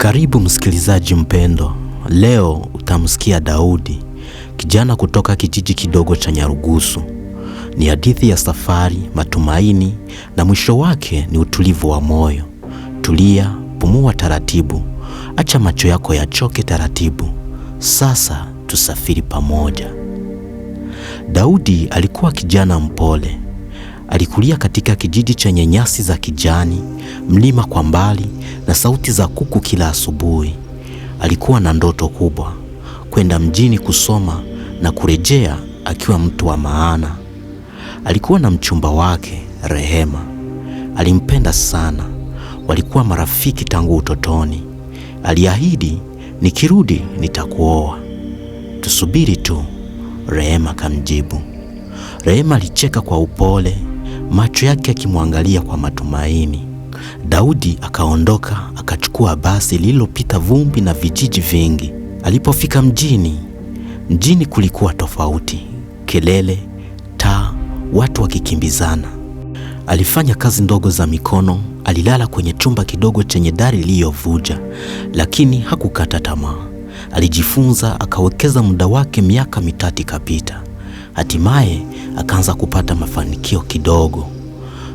Karibu msikilizaji mpendo, leo utamsikia Daudi, kijana kutoka kijiji kidogo cha Nyarugusu. Ni hadithi ya safari, matumaini na mwisho wake ni utulivu wa moyo. Tulia, pumua taratibu, acha macho yako yachoke taratibu. Sasa tusafiri pamoja. Daudi alikuwa kijana mpole, Alikulia katika kijiji chenye nyasi za kijani, mlima kwa mbali na sauti za kuku kila asubuhi. Alikuwa na ndoto kubwa, kwenda mjini kusoma na kurejea akiwa mtu wa maana. Alikuwa na mchumba wake Rehema, alimpenda sana, walikuwa marafiki tangu utotoni. Aliahidi, nikirudi nitakuoa, tusubiri tu, Rehema kamjibu. Rehema alicheka kwa upole macho yake akimwangalia kwa matumaini. Daudi akaondoka akachukua basi lililopita vumbi na vijiji vingi. Alipofika mjini, mjini kulikuwa tofauti: kelele, taa, watu wakikimbizana. Alifanya kazi ndogo za mikono, alilala kwenye chumba kidogo chenye dari iliyovuja, lakini hakukata tamaa. Alijifunza, akawekeza muda wake. Miaka mitatu ikapita. Hatimaye akaanza kupata mafanikio kidogo.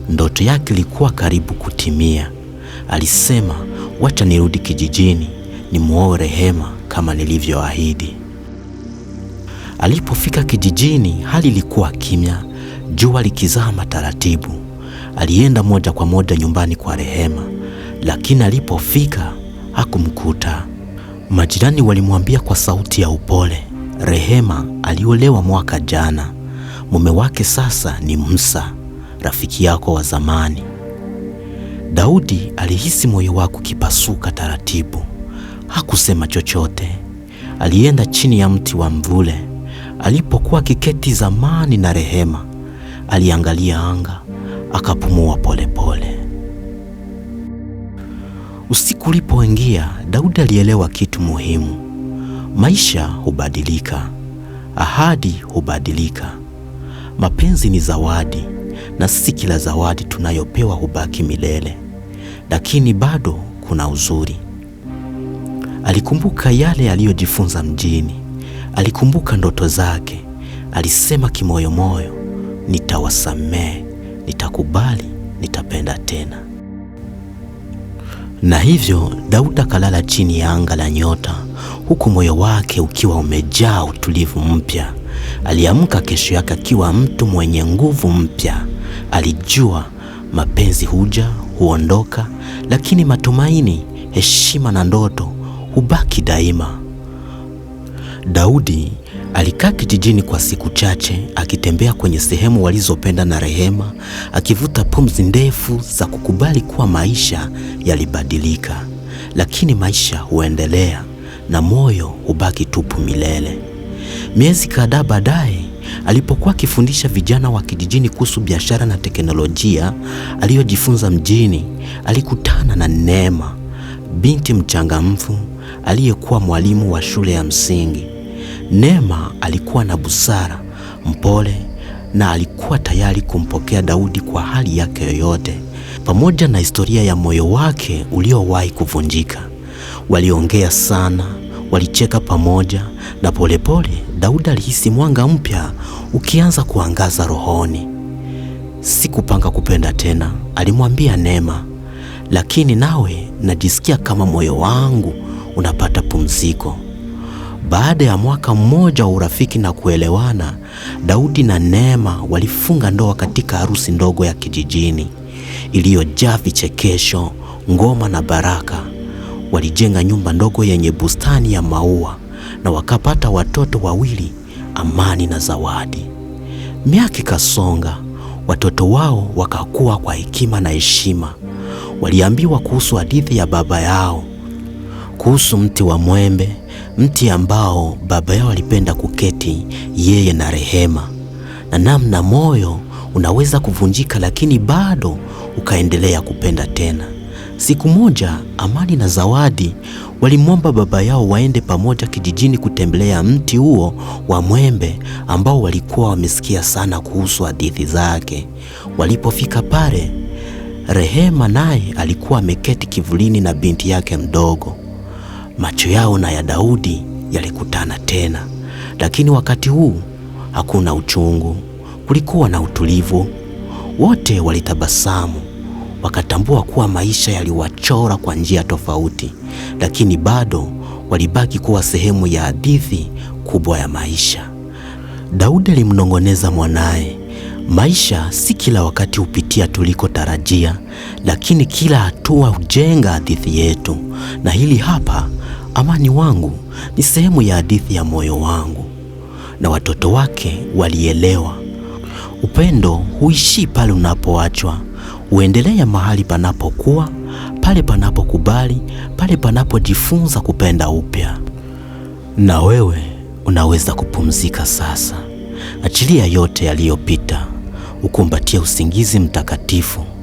Ndoto yake ilikuwa karibu kutimia. Alisema, wacha nirudi kijijini nimwoe Rehema kama nilivyoahidi. Alipofika kijijini, hali ilikuwa kimya, jua likizama taratibu. Alienda moja kwa moja nyumbani kwa Rehema, lakini alipofika hakumkuta. Majirani walimwambia kwa sauti ya upole, Rehema aliolewa mwaka jana. Mume wake sasa ni Musa, rafiki yako wa zamani. Daudi alihisi moyo wake ukipasuka taratibu. Hakusema chochote. Alienda chini ya mti wa mvule alipokuwa kiketi zamani na Rehema. Aliangalia anga, akapumua polepole pole. Usiku ulipoingia, Daudi alielewa kitu muhimu. Maisha hubadilika, ahadi hubadilika. Mapenzi ni zawadi, na si kila zawadi tunayopewa hubaki milele, lakini bado kuna uzuri. Alikumbuka yale aliyojifunza mjini, alikumbuka ndoto zake. Alisema kimoyomoyo, nitawasamehe, nitakubali, nitapenda tena. Na hivyo Daudi akalala chini ya anga la nyota, huku moyo wake ukiwa umejaa utulivu mpya. Aliamka kesho yake akiwa mtu mwenye nguvu mpya. Alijua mapenzi huja, huondoka, lakini matumaini, heshima na ndoto hubaki daima. Daudi Alikaa kijijini kwa siku chache akitembea kwenye sehemu walizopenda na Rehema, akivuta pumzi ndefu za kukubali kuwa maisha yalibadilika, lakini maisha huendelea na moyo hubaki tupu milele. Miezi kadhaa baadaye, alipokuwa akifundisha vijana wa kijijini kuhusu biashara na teknolojia aliyojifunza mjini, alikutana na Neema, binti mchangamfu aliyekuwa mwalimu wa shule ya msingi. Neema alikuwa na busara, mpole na alikuwa tayari kumpokea Daudi kwa hali yake yoyote. Pamoja na historia ya moyo wake uliowahi kuvunjika, waliongea sana, walicheka pamoja, na polepole Daudi alihisi mwanga mpya ukianza kuangaza rohoni. Sikupanga kupenda tena, alimwambia Neema, lakini nawe najisikia kama moyo wangu unapata pumziko. Baada ya mwaka mmoja wa urafiki na kuelewana, Daudi na Neema walifunga ndoa katika harusi ndogo ya kijijini iliyojaa vichekesho, ngoma na baraka. Walijenga nyumba ndogo yenye bustani ya maua na wakapata watoto wawili, Amani na Zawadi. Miaka ikasonga, watoto wao wakakua kwa hekima na heshima. Waliambiwa kuhusu hadithi ya baba yao, kuhusu mti wa mwembe mti ambao baba yao alipenda kuketi yeye na Rehema, na namna moyo unaweza kuvunjika, lakini bado ukaendelea kupenda tena. Siku moja Amani na Zawadi walimwomba baba yao waende pamoja kijijini kutembelea mti huo wa mwembe ambao walikuwa wamesikia sana kuhusu hadithi zake. Walipofika pale, Rehema naye alikuwa ameketi kivulini na binti yake mdogo. Macho yao na ya Daudi yalikutana tena, lakini wakati huu hakuna uchungu, kulikuwa na utulivu. Wote walitabasamu, wakatambua kuwa maisha yaliwachora kwa njia tofauti, lakini bado walibaki kuwa sehemu ya hadithi kubwa ya maisha. Daudi alimnong'oneza mwanaye, maisha si kila wakati hupitia tulikotarajia, lakini kila hatua hujenga hadithi yetu, na hili hapa Amani wangu ni sehemu ya hadithi ya moyo wangu, na watoto wake walielewa. Upendo huishii pale unapoachwa, huendelea mahali panapokuwa, pale panapokubali, pale panapojifunza kupenda upya. Na wewe unaweza kupumzika sasa. Achilia yote yaliyopita, ukumbatie usingizi mtakatifu.